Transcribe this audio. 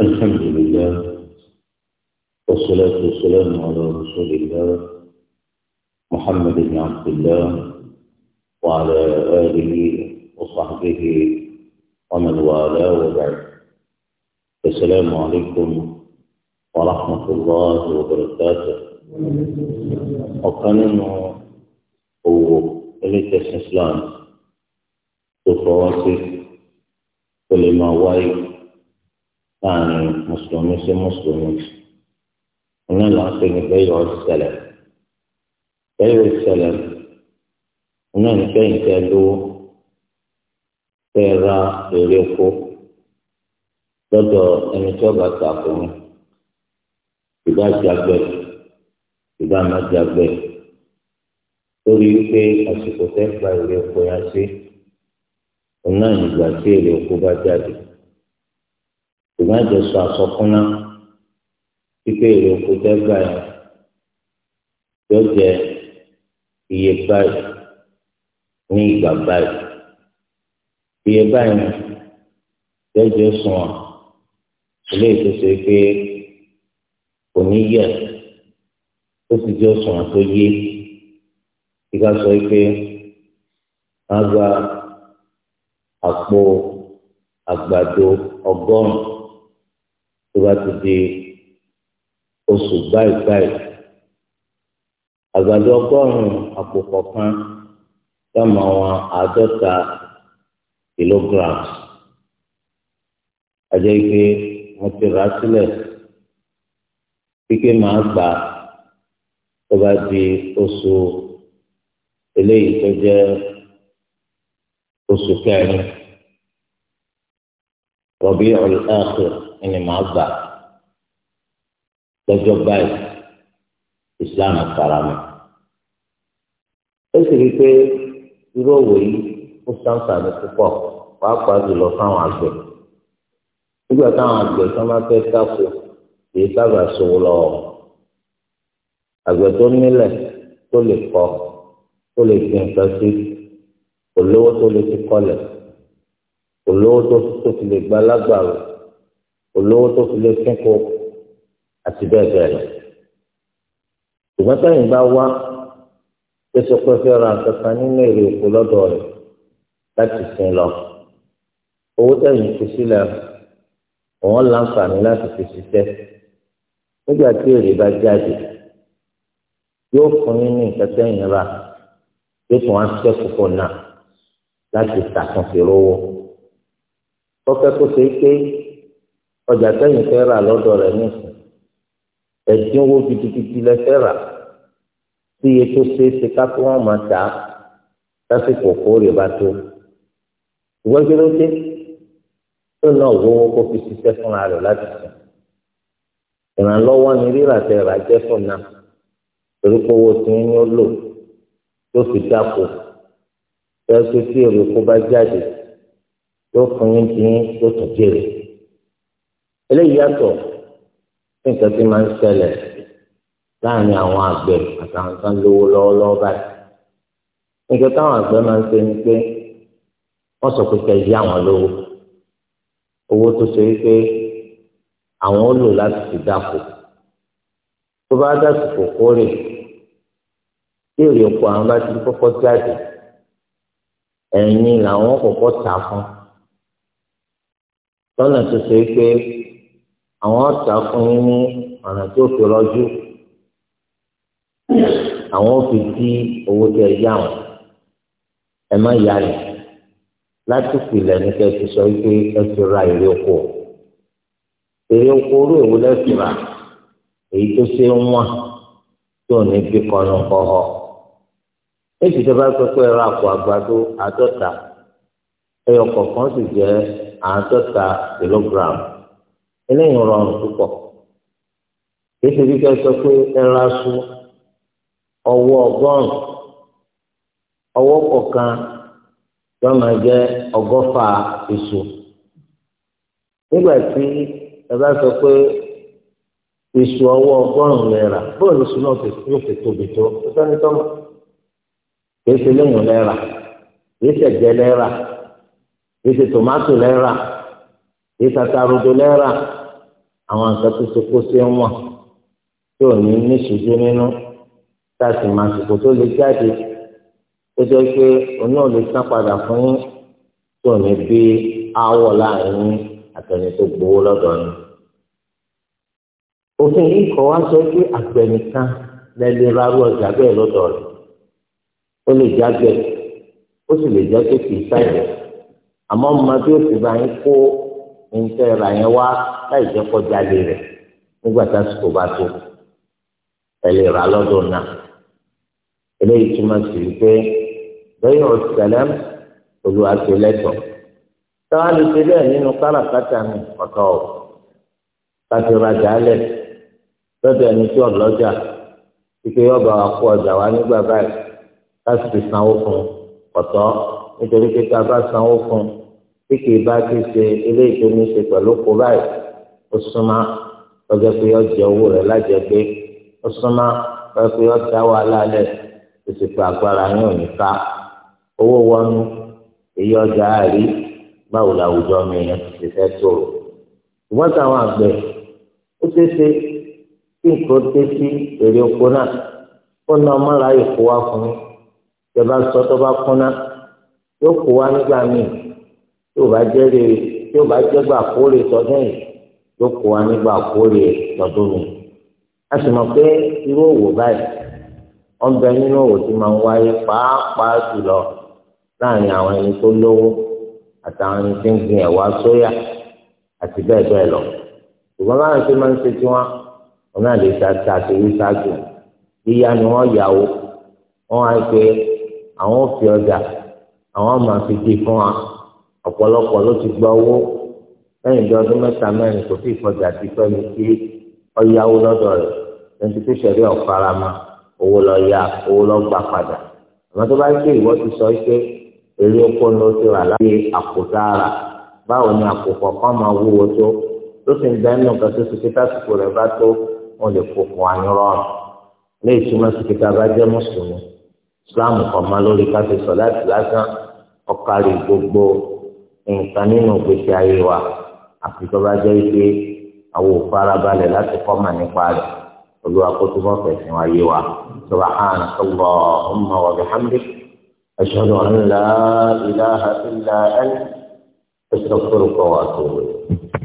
الحمد لله والصلاة والسلام على رسول الله محمد بن عبد الله وعلى آله وصحبه ومن والاه وبعد السلام عليكم ورحمة الله وبركاته وكان هو إليك الإسلام تفواصل كل ما وايد láàrin mùsùlùmí sí mùsùlùmí iná là ń pè ní bẹ́yọ̀ ọ̀sẹ̀lẹ̀ bẹ́yọ̀ ọ̀sẹ̀lẹ̀ iná ní kẹ́yìn tẹ́ lówó fẹ́ ra èrè oko lọ́dọ̀ ẹni tí ọba ta fún mi ìbá jagbẹ ìbá má jagbẹ lórí pé àsìkò tẹ́ gba èrè oko yá sí iná ìgbà tí èrè oko bá jáde ṣùgbọ́n ìjọsọ àsọkúnná pípé èrè oko dẹ́gbà yẹn yóò jẹ iye báyìí ní ìgbà báyìí iye báyìí yóò jẹ sùn wọn ilé ìtòsí pé kò ní yẹ ó sì jẹ sùn wọn tó yé kíkà sọ pé wọn gba àpò àgbàdo ọgọ́rùn-ún tó bá ti di oṣù báyìí báyìí àgbàdo ọgọ́rùn-ún àpò kọ̀ọ̀kan dáàmú àwọn àádọ́ta kilograms àjẹ́ ike wọ́n ti rà á sílẹ̀ kíkẹ́ máa gbà tó bá di oṣù eléyìí tó jẹ́ oṣù kẹrin Rabi'ul Akhir ẹni màá gbà lọ́jọ́ báyìí islam faramọ́ ó sì rí i pé irú òwò yìí ó sáǹfààní púpọ̀ pàápàá jùlọ fáwọn àgbẹ̀ nígbà táwọn àgbẹ̀ tó máa fẹ́ káfó kì í sábà sòwò lọ́wọ́ àgbẹ̀ tó nílẹ̀ tó lè kọ́ tó lè fi nǹkan sí olówó tó lè fi kọ́lẹ̀ olówó tó fi lè gba lágbàrú olówó tó fi lè sínkù àti bẹ́ẹ̀ bẹ́ẹ̀ lọ. ṣùgbọ́n sẹ́yìn bá wá tó sọ pé fẹ́ ra nǹkan kan nínú èrè oko lọ́dọ̀ rẹ̀ láti sin lọ. owó sẹ́yìn fi sílẹ̀ wọ́n láǹfààní láti fi ṣiṣẹ́ nígbà tí èrè bá jáde yóò fún yín ní nǹkan sẹ́yìn rà yóò tún wá ṣiṣẹ́ púpọ̀ náà láti ṣàtúnṣe lówó. tọ́kẹ́ kó ṣe é pé ọjà tẹ́yìn fẹ́ rà lọ́dọ̀ rẹ̀ nìkan ẹ̀dínwó gidigidi lẹ fẹ́ rà tí iye tó ṣe é ṣe ká tó wọn máa tà á lásìkò kórè bá tó ìwọ́jú ló dé tó náà gbowó kó fi ṣiṣẹ́ fúnra rẹ̀ láti sùn ìrànlọ́wọ́ ni rírà tẹ rà jẹ́ fún náà torí pé owó tí ń lò tó fi dáko fẹ́ẹ́ tó tí èrè kó bá jáde tó fún yín dín tó tún jèrè eléyìí yàtọ̀ sí nǹkan tí máa ń ṣẹlẹ̀ láàrin àwọn àgbẹ̀ àtàwọn kan lówó lọ́wọ́lọ́wọ́ báyìí nǹkan táwọn àgbẹ̀ máa ń ṣe ni pé wọ́n sọ pé kẹ́yí àwọn lówó owó tó ṣe wípé àwọn ó lò láti fi dáko tó bá dásìkò kórè tí èrè àwọn bá ti kọ́kọ́ jáde ẹ̀yìn làwọn kọ́kọ́ tà fún lọ́nà tó ṣe pé àwọn ọ̀tà fún yín ní ọ̀nà tó fi rọ́jú àwọn ò fi dí owó tẹ yá wọn ẹ má yá rẹ láti pìlẹ̀ ní kẹ́ ẹ ti sọ wípé ẹ ra èrè oko èrè oko orú èwo lẹ́sìn rà èyí tó ṣe ń wọ́n tó ní bí kọ́nù kọ́ èsì tó bá sọ pé ẹ ra eléyìí rọrùn púpọ̀ kéṣe bí ká sọ pé ẹra sùn ọwọ́ ọgọ́rùn ọwọ́ kọ̀ọ̀kan yóò máa jẹ́ ọgọ́fà èso nígbà tí ẹ bá sọ pé èso ọwọ́ ọgọ́rùn lẹ́ra bóòlù sùn náà yóò fi tóbi tó ó tọ́mọ̀ kéṣe kéṣe kéṣe ìtàtà rodo lẹ́ra àwọn nǹkan tó ṣe kó ṣe ń wọ̀n tí ò ní níṣojú nínú tá a sì máa ṣòkò tó lè jáde tó jẹ́ pé oní ò lè sá padà fún yín tí ò ní bí aáwọ̀ láàrin yín àtẹni tó gbowó lọ́dọ̀ yín. òfin yìí kọ̀ wá sọ pé àgbẹ̀nìkan lẹ́lẹ́ rárú ọjà bẹ́ẹ̀ lọ́dọ̀ rẹ̀ ó lè jágbẹ̀ ó sì lè jẹ́ pé kì í sáyẹ̀ àmọ́ mo máa bí ó ti bá yín kó ẹni tẹ́ ra yẹn wá láì jẹ́ kọjá lé rẹ̀ nígbà tásìkò bá tó ẹ lè rà lọ́dọ̀ náà eléyìí túmọ̀ sí wípé lẹ́yìn ọ̀sẹ̀lẹ́m olùwàsílẹ̀tọ̀ táwa lè ṣe bẹ́ẹ̀ nínú káràkátà mi ọ̀tọ̀ ọ̀ láti rajà lẹ̀ lọ́dọ̀ ẹni tí ọ̀lọ́jà ike yóò bá wa kó ọjà wa nígbà báyìí láti fi sanwó fún ọ̀tọ̀ nítorí pé tá bá sanwó fún un tí kì í bá ti ṣe eléyìí tó ní ṣe pẹ̀lú kó báyìí ó súnmọ́ lọ́jọ́ pé ó jẹ owó rẹ̀ lájẹ pé ó súnmọ́ lọ́jọ́ pé ó dá wàhálà lẹ̀ ó sì pé agbára yín ò ní ká owó wọnú èyí ọjà àárí báwo làwùjọ mi yẹn ti fẹ́ tòrò ìwọ́n táwọn àgbẹ̀ ó ṣeé ṣe kí nǹkan dé sí èrè oko náà ó ná ọmọláyè kó fún un tẹ sọ tó bá kúnná yóò kó nígbà míì tí ò bá jẹ́ rere tí ò bá jẹ́ gbà kórè tọdún yìí yóò kó wa nígbà kórè tọdún mi. a sì mọ̀ pé irú òwò báyìí wọ́n bẹ nínú òwò tí máa ń wáyé pàápàá jùlọ láàrin àwọn ẹni tó lówó àtàwọn ẹni tí ń gbin ẹ̀wà sóyà àti bẹ́ẹ̀ bẹ́ẹ̀ lọ. ṣùgbọ́n láwọn tí máa ń ṣe tiwọn wọn náà lè ta ta àti rí ṣáájú yíyá ni wọ́n yàwó wọ́n á pe àwọn òfin ọjà àwọn máa fi di fún wa ọ̀pọ̀lọpọ̀ ló ti gba owó lẹ́yìn bí ọdún mẹ́ta mẹ́rin kò tí ì kọjá sí pẹ́ẹ́lí tí ọ̀yáwó lọ́dọ̀ rẹ̀ lẹ́yìn tó ṣẹ̀rí ọ̀farama owó lọ ya owó lọ gbà padà àmọ́ tó bá ń gbé ìwọ́ ti sọ pé èrè oko ni ó ti rà láti àpò sára báwo ni àpò kọ̀ọ̀kan máa wúwo tó tó sì ń bẹ́ nù kan tó ti fi tásìkò islam kan lórí ká láti lásán ọkàrí gbogbo nǹkan nínú ìgbésí ayé wa àfi tó bá jẹ́ pé àwọn ò farabalẹ̀ láti kọ́ mà nípa rẹ̀ pẹ̀lú akótópọ̀ fẹ̀sìn ayé wa subhanaka allahumma wa bihamdik ashhadu an la ilaha illa anta astaghfiruka wa atubu ilayk.